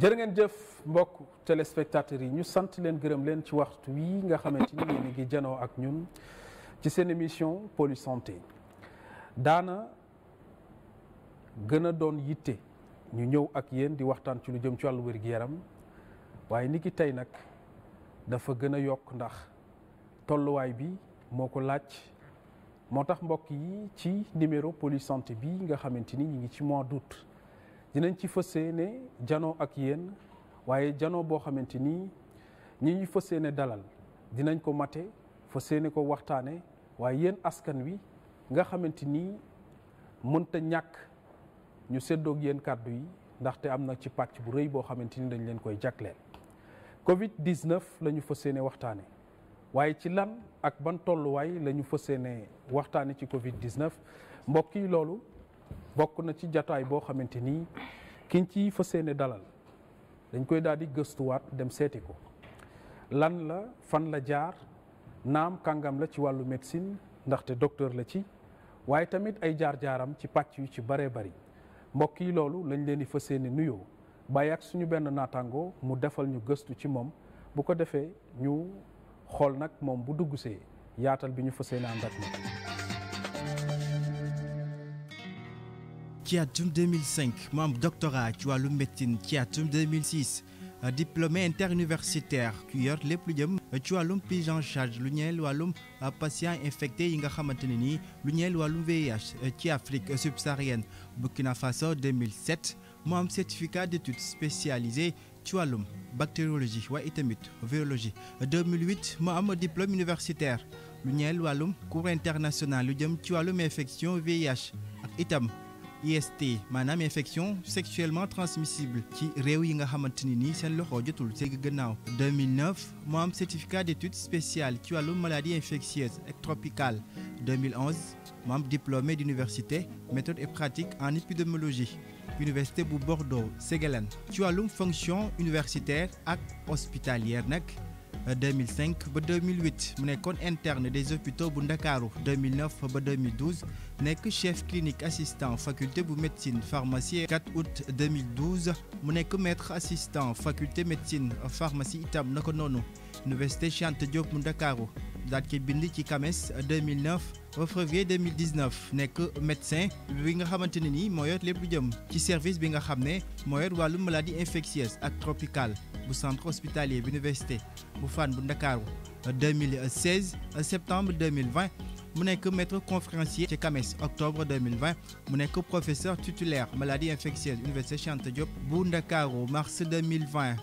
jër ngeen jëf mbokk téléspectateurs yi ñu sant leen gërëm leen ci waxtu wi nga xamante ni yéen ngi janoo ak ñun ci seen émission Pôlu santé daana gën a doon yitte ñu ñëw ak yéen di waxtaan ci lu jëm ci wàllu wér-gu-yaram waaye ni ki tey nag dafa gën a yokk ndax tolluwaay bi moo ko laaj moo tax mbokk yi ci numéro Pôlu santé bi nga xamante ni ñu ngi ci mois d'août dinañ ci fas yéene janoo ak yéen waaye janoo boo xamante ni ñi ñu fas yéene dalal dinañ ko mate fas yéene ko waxtaane waaye yéen askan wi nga xamante ni mënta ñàkk ñu séddoog yéen kàddu yi ndaxte am na ci pàcc bu rëy boo xamante ni dañ leen koy jagleel. Covid 19 la ñu fas yéene waxtaane waaye ci lan ak ban tolluwaay lañu ñu fas yéene waxtaane ci Covid 19 mbokk yi loolu. bokk na ci jataay boo xamante ni kiñ ci fa yéene dalal dañ koy daal di gëstuwaat dem seeti ko lan la fan la jaar naam kàngam la ci wàllu médecine ndaxte docteur la ci waaye tamit ay jaar-jaaram ci pàcc yu ci baree bari mbokk yi loolu lañ leen di fas yéene nuyoo bàyyi ak suñu benn naataangoo mu defal ñu gëstu ci moom bu ko defee ñu xool nag moom bu duggsee yaatal bi ñu fas yéene ànd ak ci atum 2005 mu am doctorat ci wàllu médecine ci atum 2006 diplômé interuniversitaire ku yor lépp lu jëm ci wàllum prise en charge lu ñeel wàllum euh, patient infecté yi nga xamante ne nii lu ñeel wàllum VIH euh, ci Afrique subsaharienne Burkina Faso 2007 mu am certificat d'études spécialisées ci wàllum bactériologie waaye itamit virologie 2008 mu am diplôme universitaire lu ñeel wàllum cours international lu jëm ci wàllum infection VIH ak itam IST maanaam infection sexuellement transmissible ci réew yi nga xamante ni nii seen loxo jotul seen gannaaw 2009 mu am certificat d'études spéciales ci wàllu maladie infectieuse et tropicale 2011 mu am diplômé d'université méthode et pratique en épidémiologie université bu Bordeaux Ségolène ci wàllum fonction universitaire ak hospitalière nag 2005 ba 2008 mu nekkoon interne des hôpitaux bu Ndakaaru 2009 ba 2012 nekk chef clinique assistant faculté bu médecine pharmacie 4 août 2012 mu nekk maître assistant faculté médecine pharmacie itam ko noonu université Cheikh Anta Diop bu Ndakaaru daat ki bind ci CAMES 2009 ba février 2019 nekk médecin bi nga xamante ne nii moo yor lépp jëm ci service bi nga xam ne moo yor wàllu maladie infectieuse ak tropicale bu centre hospitalier bu université bu Fann bu Ndakaaru septembre mu nekk maître conférencier ci CAMES octobre mu nekk professeur titulaire maladie infectieuse université Cheikh Anta bu Ndakaaru mars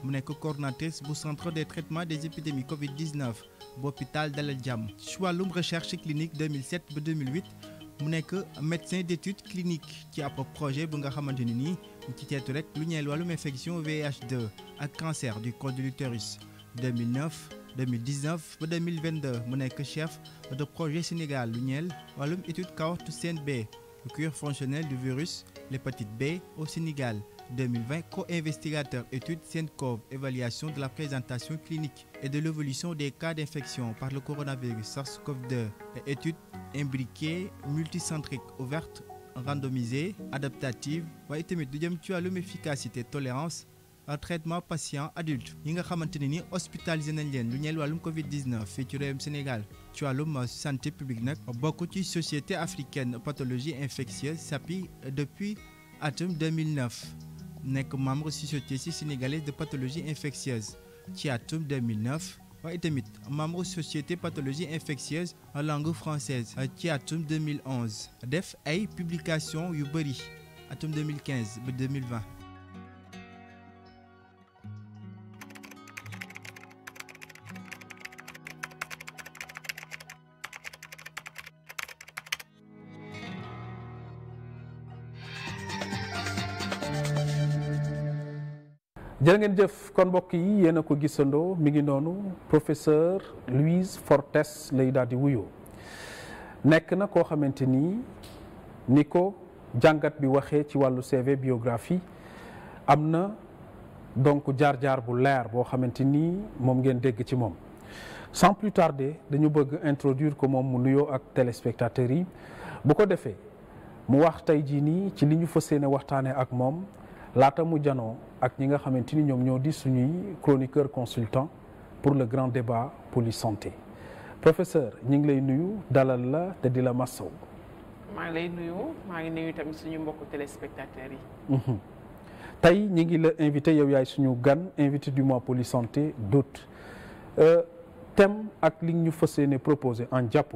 mu nekk coordonnatrice bu centre de traitement des épidémies Covid 19 bu hôpital Dalal Jàmm ci wàllum recherche clinique 2007 mu nekk médecin d'études cliniques ci ab projet bu nga xamante nii. ci teetu rek lu ñeel wàllum infection VIH2 ak cancer du col de l'utérus 2009 2019 ba 2022 mu nekk chef de projet Sénégal lu ñeel wàllum étude cohorte Sen B le cure fonctionnel du virus l'hépatite B au Sénégal 2020 co-investigateur étude évaluation de la présentation clinique et de l'évolution des cas d'infection par le coronavirus SARS-CoV-2 et étude imbriquée multicentrique ouverte randomisée adaptative waaye tamit du jëm ci wàllum efficacité tolérance un traitement patient adulte ñi nga xamante ne ni hospitalisé nañ leen lu ñeel wàllum Covid 19 fii ci réewum Sénégal ci wàllum santé publique nag bokk ci société africaine pathologie infectieuse SAPI depuis atum 2009 nekk membre société sénégalaise de pathologie infectieuse ci atum 2009. waaye itamit membre société pathologie infectieuse en langue française ci atum 2011 def ay publication yu bëri atum 2015 ba 2020 jël ngeen jëf kon mbokk yi yéen a ko gisandoo mi ngi noonu professeur Louise Fortes lay daal di wuyoo nekk na koo xamante ni ni ko jàngat bi waxee ci wàllu CV biographie am na donc jaar-jaar bu leer boo xamante ni moom ngeen dégg ci moom. sans plus tarder dañu bëgg introduir ko moom mu nuyoo ak téléspectateurs yi bu ko defee mu wax tey jii nii ci li ñu fas yéene waxtaanee ak moom. laata mu janoo ak ñi nga xamante ni ñoom ñoo di suñuy chroniqueur consultant pour le grand débat police santé professeur ñi ngi lay nuyu dalal la te di la massaw maa ngi lay nuyu maa ngi nuyu tamit suñu mbokku téléspectateurs yi. Mhm. tey ñi ngi la invité yow yaay suñu gan invité du mois police santé d'août euh, tem ak li ñu fas yéene proposé en jàpp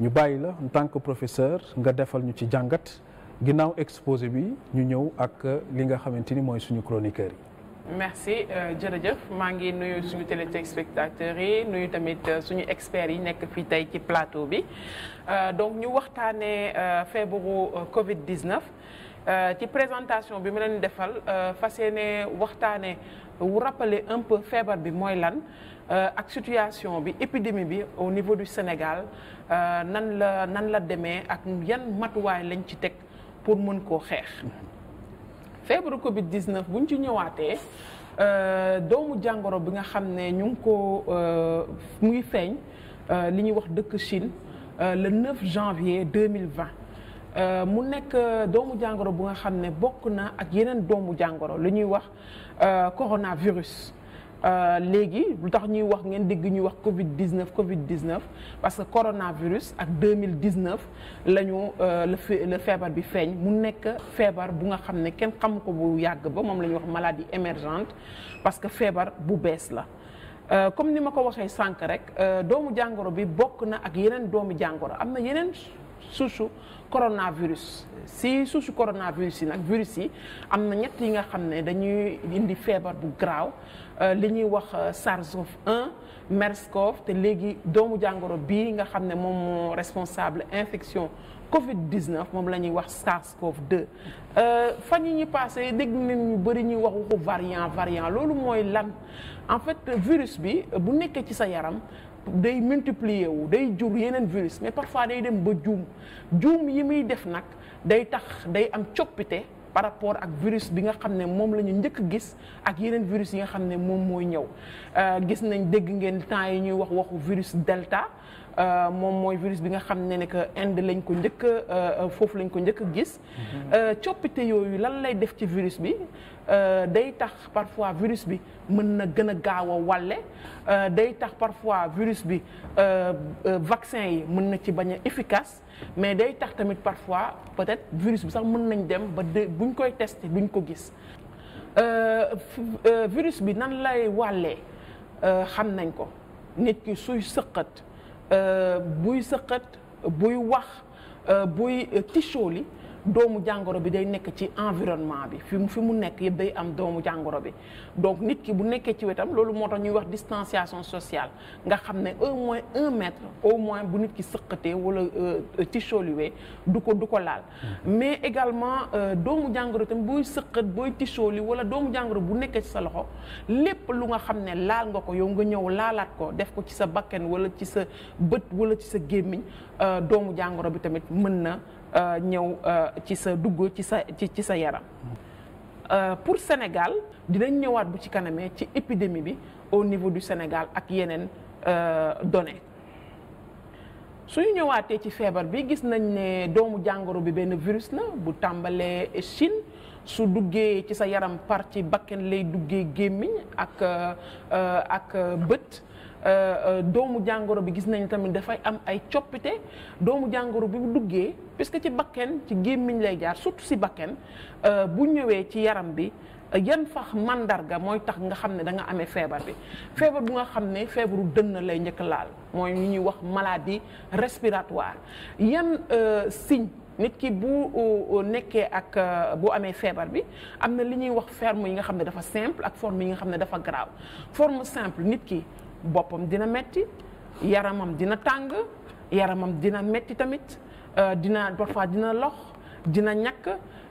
ñu bàyyi la tant que professeur nga defal ñu ci jàngat. ginnaaw exposé bi ñu ñëw ak euh, li nga xamante ni mooy suñu chroniqueur yi. merci euh, jërëjëf maa ngi nuyu suñu téléspectateurs yi nuyu tamit euh, suñu experts yi nekk fii tey ci plateau bi donc ñu waxtaanee feebaru Covid 19. ci présentation bi mu leen defal fa yéene waxtaanee wu rappeler un peu feebar bi mooy lan ak situation bi épidémie bi au niveau du Sénégal nan la nan la demee ak yan matuwaay lañ ci teg. pour mën koo xeex feebaru Covid 19 buñ ci ñëwaatee euh, doomu jàngoro bi nga xam ne ñu ngi ko euh, muy feeñ euh, li ñuy wax dëkk Chine le 9 janvier 2020 mu nekk doomu jàngoro bu nga xam ne bokk na ak yeneen doomu jàngoro li ñuy wax coronavirus. Euh, léegi lu tax ñuy wax ngeen dégg ñuy wax Covid 19 Covid 19 parce que coronavirus ak 2019 la ñu la feebar bi feeñ mu nekk feebar bu nga xam ne kenn xam ko bu yàgg ba moom la ñuy wax maladie émergente parce que feebar bu bees la. Euh, comme ni ma ko waxee sànq rek euh, doomu jàngoro bi bokk na ak yeneen doomu jàngoro am na yeneen souche coronavirus si souche coronavirus yi nag virus yi am na ñett yi nga xam ne dañuy indi feebar bu graaw euh, li ñuy wax euh, SARS-CoV-1 MERS-CoV te léegi doomu jàngoro bii nga xam ne moom moo responsable infection COVID-19 moom la ñuy wax SARS-CoV-2 euh, fan yi ñu passé dégg nañ ñu bëri ñuy wax waxu variant variant loolu mooy lan en fait virus bi bu nekkee ci sa yaram day multiplier wu day jur yeneen virus mais parfois day dem ba juum juum yi muy def nag day tax day am coppite par rapport ak virus bi nga xam ne moom la ñu njëkk gis ak yeneen virus yi nga xam ne moom mooy ñëw euh, gis nañ dégg ngeen temps yi ñuy wax waxu virus delta euh, moom mooy virus bi nga xam ne ne que Inde lañ ko njëkk euh, foofu lañ ko njëkk gis mhm. coppite yooyu lan lay def ci virus bi day tax parfois virus bi mën na gën a gaaw a wàlle day tax parfois virus bi vaccin yi mën na ci bañ a efficace mais day tax tamit parfois peut-être virus bi sax mën nañ dem ba de buñ koy tester duñ ko gis euh, euh, virus bi nan lay wàllee euh, xam nañ ko nit ki suy sëqat buy sëqat buy wax buy tichooli doomu jàngoro bi day nekk ci environnement bi fi mu fi mu nekk yëpp day am doomu jàngoro bi donc nit ki bu nekkee ci wetam loolu moo tax ñuy wax distanciation sociale nga xam ne au moins un mètre au moins bu nit ki sëqatee wala euh, ticholiwee du ko du ko laal mm-hmm. mais également euh, doomu jàngoro itam booy sëqat booy ticholi wala doomu jàngoro bu nekkee ci sa loxo lépp lu nga xam ne laal nga ko yow nga ñëw laalaat ko def ko ci sa bakken wala ci sa bët wala ci sa gémmiñ euh, doomu jàngoro bi tamit mën na Euh, ñëw euh, ci sa dugg ci sa ci ci sa yaram. Euh, pour Sénégal dinañ ñëwaat bu ci kanamee ci épidémie bi au niveau du Sénégal ak yeneen données suñu ñëwaatee ci feebar bi gis nañ ne doomu jàngoro bi benn virus la bu tàmbalee Chine su duggee ci sa yaram par ci bakken lay duggee gémmiñ ak ak bët. Euh, euh, doomu jàngoro bi gis nañ tamit dafay am ay coppite doomu jàngoro bi bu duggee que ci bakken ci gémmiñ lay jaar surtout si bakken euh, bu ñëwee ci yaram bi yan fax màndarga mooy tax nga xam ne da nga amee feebar bi feebar bu nga xam ne feebaru dënn lay njëkk laal mooy ñu ñuy wax maladie respiratoire yan signe nit ki bu nekkee ak bu amee feebar bi am na li ñuy wax forme yi nga xam ne dafa simple ak forme yi nga xam ne dafa garaaw forme simple nit ki boppam dina metti yaramam dina tàng yaramam dina metti tamit euh, dina parfois dina lox dina ñàkk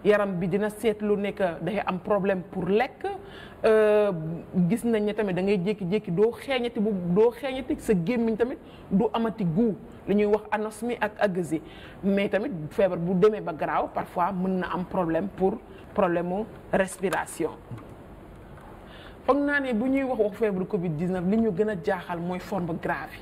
yaram bi dina seetlu ne que am problème pour lekk euh, gis nañ ne tamit da ngay jékki-jékki doo xeeñati bu doo xeeñati sa gémmiñ tamit du amati goût li ñuy wax anosmie ak agasie mais tamit feebar bu demee ba garaaw parfois mën na am problème pour problème mu respiration foog naa ne bu ñuy wax wax feebaru Covid 19 li ñu gën a jaaxal mooy forme grave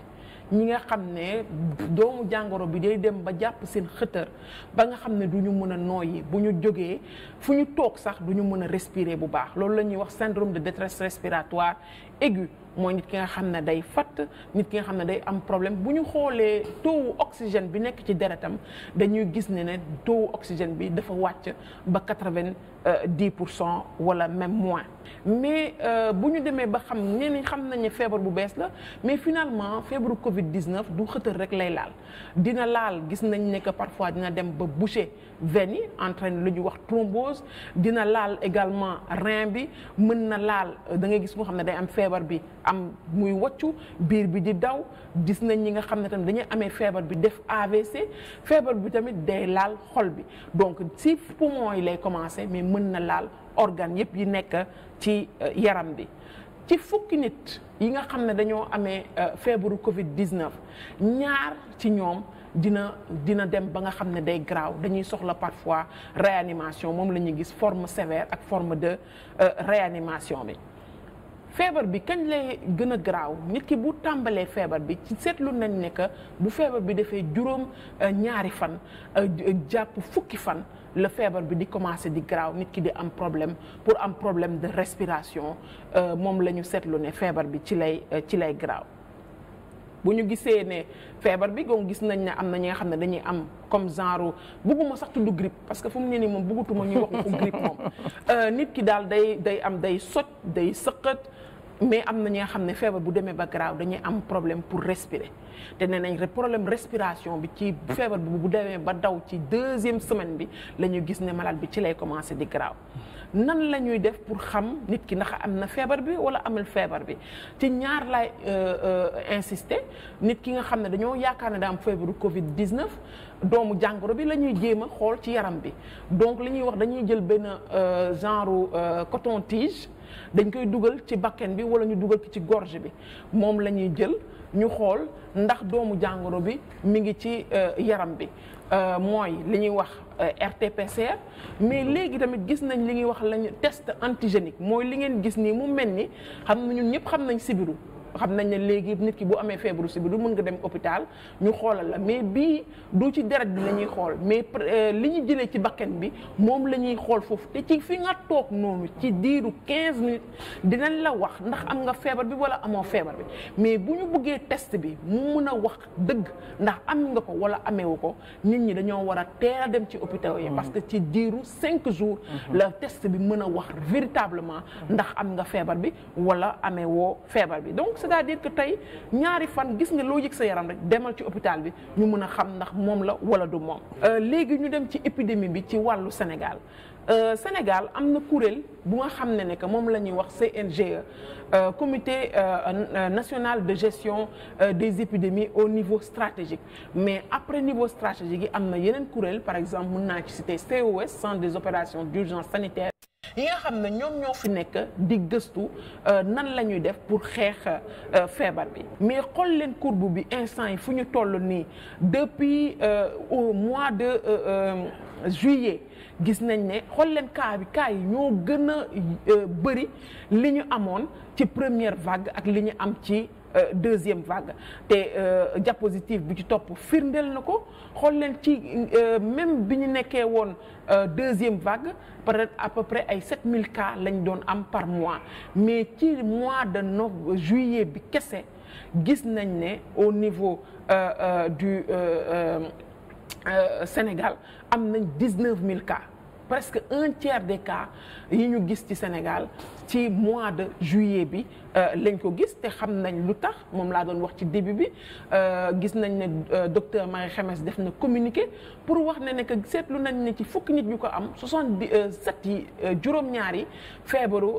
yi ñi nga xam ne doomu jàngoro bi day dem ba jàpp seen xëtër ba nga xam ne du ñu mën a nooyi bu ñu jógee fu ñu toog sax du ñu mën a respirer bu baax loolu la ñuy wax syndrome de détresse respiratoire aiguë. mooy nit ki nga xam ne day fatt nit ki nga xam ne day am problème bu ñu xoolee taux oxygène bi nekk ci deretam dañuy gis ne ne taux oxygène bi dafa wàcc ba quatre-vingt-dix pour cent wala même moins mais euh, bu ñu demee ba xam ñenn xam nañu feebar bu bees la mais finalement feebaru Covid 19 du xëtër rek lay laal dina laal gis nañ ne que parfois dina dem ba boucher. veine yi entraîne lu ñuy wax thrombose dina laal également rein bi mën na laal euh, da ngay gis nga xam ne day am feebar bi am muy waccu biir bi di daw gis nañ ñi nga xam ne tamit dañuy amee feebar bi def AVC feebar bi tamit day laal xol bi donc si poumon yi lay commencé mais mën na laal organes yëpp yi nekk ci euh, yaram bi ci fukki nit yi nga xam ne dañoo amee euh, feebaru Covid 19 ñaar ci ñoom. dina dina dem ba nga xam ne day graaw dañuy soxla parfois réanimation moom la ñuy gis forme sévère ak forme de euh, réanimation bi feebar bi kañ lay gën a graaw nit ki bu tàmbalee feebar bi ci seetlu nañ ne que bu feebar bi defee juróom euh, ñaari fan euh, jàpp fukki fan la feebar bi di commencé di graaw nit ki di am problème pour am problème de respiration moom la ñu seetlu ne feebar bi ci lay ci lay graaw bu ñu gisee ne feebar bi kon gis nañ ne am na ñi nga xam ne dañuy am comme genre bugguma sax tudd grippe parce que fu mu ne nii moom buggutuma ñuy wax ko grippe moom euh, nit ki daal day day am day sot day sëqat mais am na ñi nga xam ne feebar bu demee ba grave dañuy am problème pour respirer te nee nañ problème respiration bi ci feebar bu bu demee ba daw ci deuxième semaine bi la ñu gis ne malade bi ci lay commencé di grave nan la ñuy def pour xam nit ki ndax am na feebar bi wala amul feebar bi ci ñaar laay euh, euh, insister nit ki nga xam ne dañoo yaakaar ne daam am feebaru Covid 19 doomu jàngoro bi la ñuy jéem a xool ci yaram bi donc li ñuy wax dañuy jël benn euh, genre coton tige. dañ koy dugal ci bakken bi wala ñu dugal ko ci gorge bi moom la ñuy jël ñu xool ndax doomu jàngoro bi mi ngi ci euh, yaram bi euh, mooy li ñuy wax RT-PCR euh, mais léegi tamit gis nañ li ñuy wax lañu test antigénique mooy li ngeen gis nii mu mel ni xam na ñun ñëpp xam nañ sibiru xam nañ ne léegi nit ki bu amee feebaru si bi du mun nga dem hôpital ñu xoolal la mais bii du ci deret bi la ñuy xool mais euh, li ñu jëlee ci bakken bi moom la ñuy xool foofu te ci fi nga toog noonu ci diiru 15 minutes dinañ la wax ndax am nga feebar bi wala amoo feebar bi mais bu ñu buggee test bi mu mun a wax dëgg ndax am nga ko wala ameewu ko nit ñi dañoo war a teel a dem ci hôpital yi mm. parce que ci diiru cinq jours mm-hmm. la test bi mën a wax véritablement ndax am nga feebar bi wala amee woo feebar bi donc c'est-à-dire que tey ñaari fan gis nga loo yëg sa yaram rek demal ci hôpital bi ñu mën a xam ndax moom la wala du moom. Euh, léegi ñu dem ci épidémie bi ci wàllu Sénégal euh, Sénégal am na kuréel bu nga xam ne ne que moom la ñuy wax CNGE euh, comité nationale de gestion des épidémies au niveau stratégique mais après niveau stratégique yi am na yeneen kuréel par exemple mën naa ci citer COS centre des opérations d'urgence sanitaire yi nga xam ne ñoom ñoo fi nekk di gëstu euh, nan la ñuy def pour xeex euh, feebar bi mais xool leen courbe bi instant yi fu ñu toll nii depuis euh, au mois de juillet gis nañ ne xool leen cas bi yi ñoo gën a bëri li ñu amoon ci première vague ak li ñu am ci Euh, deuxième vague te euh, diapositive bi ci topp firndeel na ko xool leen ci euh, même bi ñu nekkee woon deuxième vague peut-être à peu près ay 7000 cas lañ doon am par mois mais ci mois de novembre juillet bi kese gis nañ ne au niveau euh, du euh, euh, Sénégal am nañ mille cas. presque un tiers des cas yi ñu gis ci Sénégal ci mois de juillet bi Euh, lañ ko gis te xam nañ lu tax moom laa doon wax ci début bi euh, gis nañ ne euh, docteur Marie Khemesse def na communiqué pour wax ne ne que seetlu nañ ne ci fukki nit ñu ko am soixante-dix-sept yi juróom-ñaar yi feebaru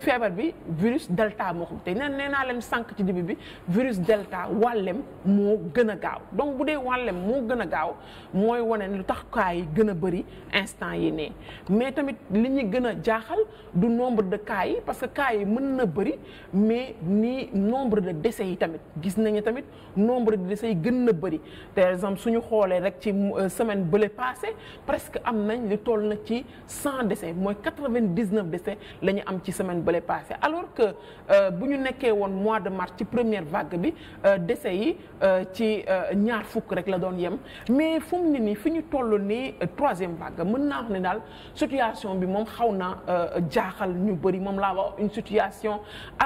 feebar bi virus delta moo ko tey nee nee naa leen sànq ci début bi virus delta wàllem moo gën a gaaw donc bu dee wàllem moo gën a gaaw mooy wane lu tax cas yi gën a bëri instant yi ne mais tamit li ñu gën a jaaxal du nombre de cas yi parce que cas yi mën na bëri. mais ni nombre de décès yi tamit gis nañu tamit nombre de décès yi gën na bëri par exemple suñu xoolee rek ci euh, semaine bële passé presque am nañ li toll na ci cent décès mooy quatre-vingt-dix-neuf décès la ñu am ci semaine bële passé alors que euh, bu ñu nekkee woon mois de mars ci première vague bi euh, décès yi ci ñaar fukk rek la doon yem mais fu mu nii fi ñu toll nii troisième vague mën naa wax ne daal situation bi moom xaw na jaaxal ñu bëri moom laa wax une situation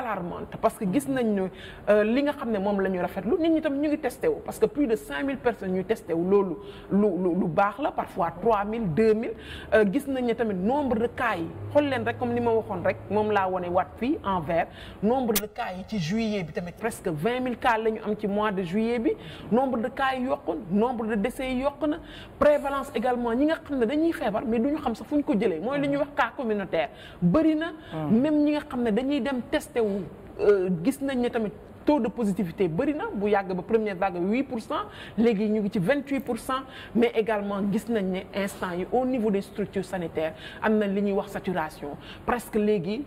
alarmante parce que gis nañ ne euh, li nga xam ne moom la ñu rafetlu nit ñi tam ñu ngi testé parce que plus de 5000 ñu testé loolu lu lu baax la parfois 3000 2000 euh, gis nañ ne tamit nombre de cas yi leen rek comme ni ma waxoon rek moom laa wone waat fii en nombre de cas yi ci juillet bi tamit presque 20000 cas la ñu am ci mois de juillet bi nombre de cas yi nombre de décès yi na prévalence également ñi nga xam ne dañuy feebar mais du ko jëlee Euh, gis nañ ne tamit taux de positivité bëri na bu yàgg ba première vague bi pour cent léegi ñu ngi ci 28 pour cent mais également gis nañ ne instant yi au niveau des structures sanitaire am na li ñuy wax saturation presque léegi.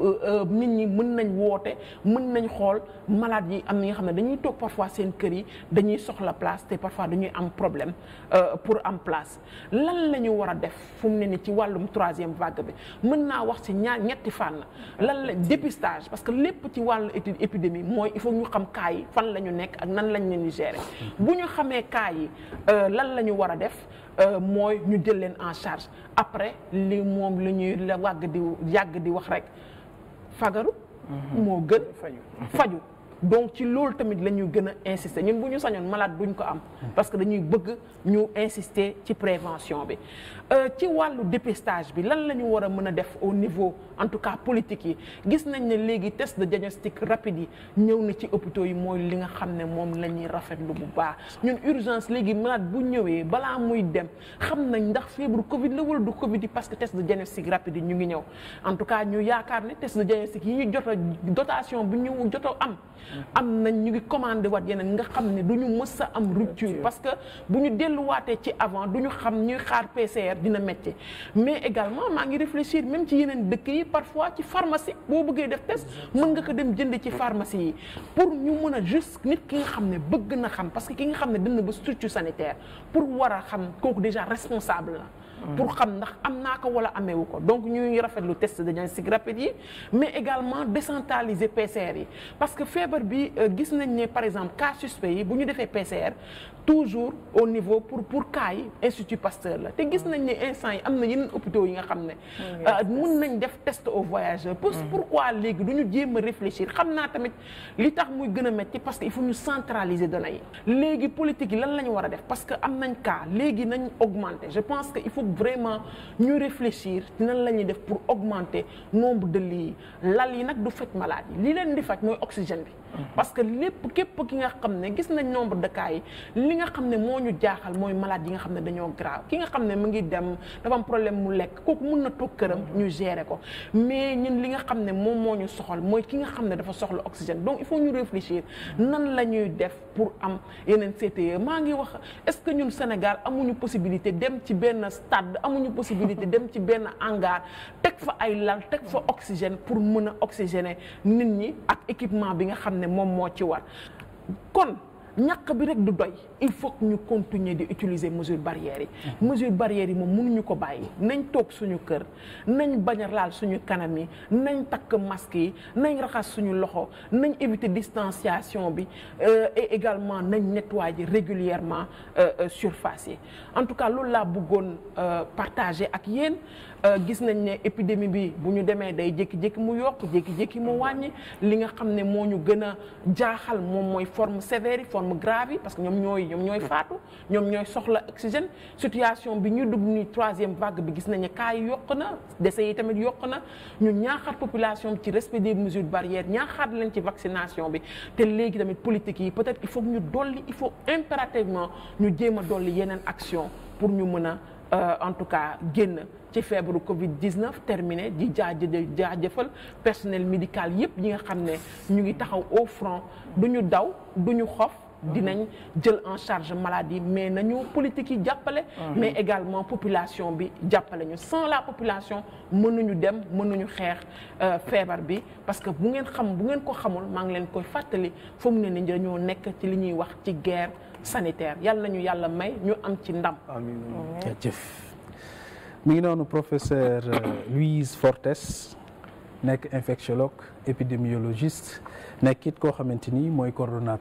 Euh, nit ñi mën nañ woote mën nañ xool malade yi am na nga xam ne dañuy toog parfois seen kër yi dañuy soxla place te parfois dañuy am problème euh, pour am place lan la ñu war a def fu mu ne ni ci wàllum troisième vague bi mën naa wax si ñaar ñetti fànn lan la dépistage parce que lépp ci wàllu étude épidémie mooy il faut ñu xam cas yi fan la ñu nekk ak nan lañ leen di gérer bu ñu xamee cas yi euh, lan la ñu war a def mooy ñu jël leen en charge après li moom la ñuy wàgg di yàgg di wax rek fagaru mm-hmm. moo gën faju faju donc ci loolu tamit la ñuy gën a insister ñun bu ñu sañoon malade duñ ko am. parce que dañuy bëgg ñu insister ci prévention bi. Euh, ci wàllu dépistage bi lan la ñu war a mën a def au niveau en tout cas politique yi gis nañ ne léegi test de diagnostic rapide yi ñëw na ci hôpitaux yi mooy li nga xam ne moom la ñuy lu bu baax. ñun urgence léegi malade bu ñëwee balaa muy dem xam nañ ndax feebaru Covid la wala du Covid yi parce que test de diagnostic rapide yi ñu ngi ñëw en cas ñu yaakaar ne test de diagnostic yi ñu jot a bi ñu jot a am. Mm-hmm. am nañ ñu ngi commandé waat yeneen nga xam ne du ñu mës am am rupture parce que bu ñu delluwaatee ci avant du ñu xam ñuy xaar PCR dina métti mais également maa ngi réfléchir même ci yeneen dëkk yi parfois ci pharmacie boo bëggee def test mën nga ko dem jënd ci pharmacie yi pour ñu mën a juste nit ki nga xam ne bëgg na xam parce que ki nga xam ne dënn ba structure sanitaire pour war a xam kooku déjà responsable la Mm. pour xam ndax am naa ko wala ameewu ko donc ñuy lu test de diagnostic rapide yi mais également décentraliser PCR yi parce que feebar bi euh, gis nañ ne par exemple cas suspect yi bu ñu defee PCR toujours au niveau pour pour cas yi institut Pasteur la te gis mm. nañ ne instant yi am na yenn hôpitaux yi nga xam ne mm, euh, mun nañ def test aux voyageurs pour pourquoi léegi du ñu jéem a réfléchir xam naa tamit li tax muy gën a métti parce que il faut ñu centraliser données yi lan la ñu war a def parce que am nañ cas léegi nañ vraiment ñu réfléchir nan la ñuy def pour augmenter nombre de yi lal yi nag du faj malaat yi li leen di faj mooy oxygène bi mm-hmm. parce que lépp képp ki nga xam ne gis nañ nombre de yi li nga xam ne moo ñu jaaxal mooy malade yi nga xam ne dañoo grave ki nga xam ne mu ngi dem dafa problème mu lekk mun na toog këram mm-hmm. ñu gérer ko mais ñun li nga xam ne moom moo ñu soxal mooy ki nga xam ne dafa soxla oxygène donc il faut ñu réfléchir mm-hmm. nan la ñuy def pour am yeneen CTE maa ngi wax est-ce que ñun Sénégal amuñu possibilité dem ci benn stade tàdd amuñu possibilité dem ci benn hangar teg fa ay lal teg fa oxygène pour mën a oxygéner nit ñi ak équipement bi nga xam ne moom moo ci war kon ñàkk bi rek du doy il faut ñu continuer di utiliser mesure barrières yi mm-hmm. mesure barrières yi moom mënuñu ko bàyyi nañ toog suñu kër nañ bañ a laal suñu kanam yi nañ takk masque yi nañ raxas suñu loxo nañ éviter distanciation bi euh, et également nañ nettoyer régulièrement euh, euh, surface yi en tout cas loolu laa bëggoon partager ak yéen Euh, gis nañ ne épidémie bi bu ñu demee day jékki-jékki mu yokk jékki-jékki mu wàññi li nga xam ne moo ñu gën a jaaxal moom mooy forme sévère form forme grave parce que ñoom ñooy ñoom ñooy faatu ñoom ñooy soxla oxygène situation bi ñu dugg ni troisième vague bi gis nañ ne cas yi yokk na décès yi tamit yokk na ñu ñaaxaat population bi ci respect des mesures barrières ñaaxaat leen ci vaccination bi te léegi tamit politique yi peut-être il faut ñu dolli il faut impérativement ñu jéem a dolli yeneen action pour ñu mën a Euh, en tout cas génn ci feebaru Covid 19 terminé di jaajë jaajëfal personnel médical yépp yi nga xam ne ñu ngi taxaw au front du ñu daw du ñu xof. dinañ jël en charge maladie mais nañu politique yi jàppale. mais également population bi jàppale ñu sans la population mënuñu dem mënuñu xeex euh, feebar bi parce que bu ngeen xam bu ngeen ko xamul maa ngi leen koy fàttali foog ne ni dañoo nekk ci li ñuy wax ci guerre. sanitaire yàlla nañu yàlla may ñu am ci ndam. amiin jëf mi ngi noonu professeur euh, Louise Fortes nekk infectiologue épidémiologiste nekk it koo xamante nii mooy coordonnateur.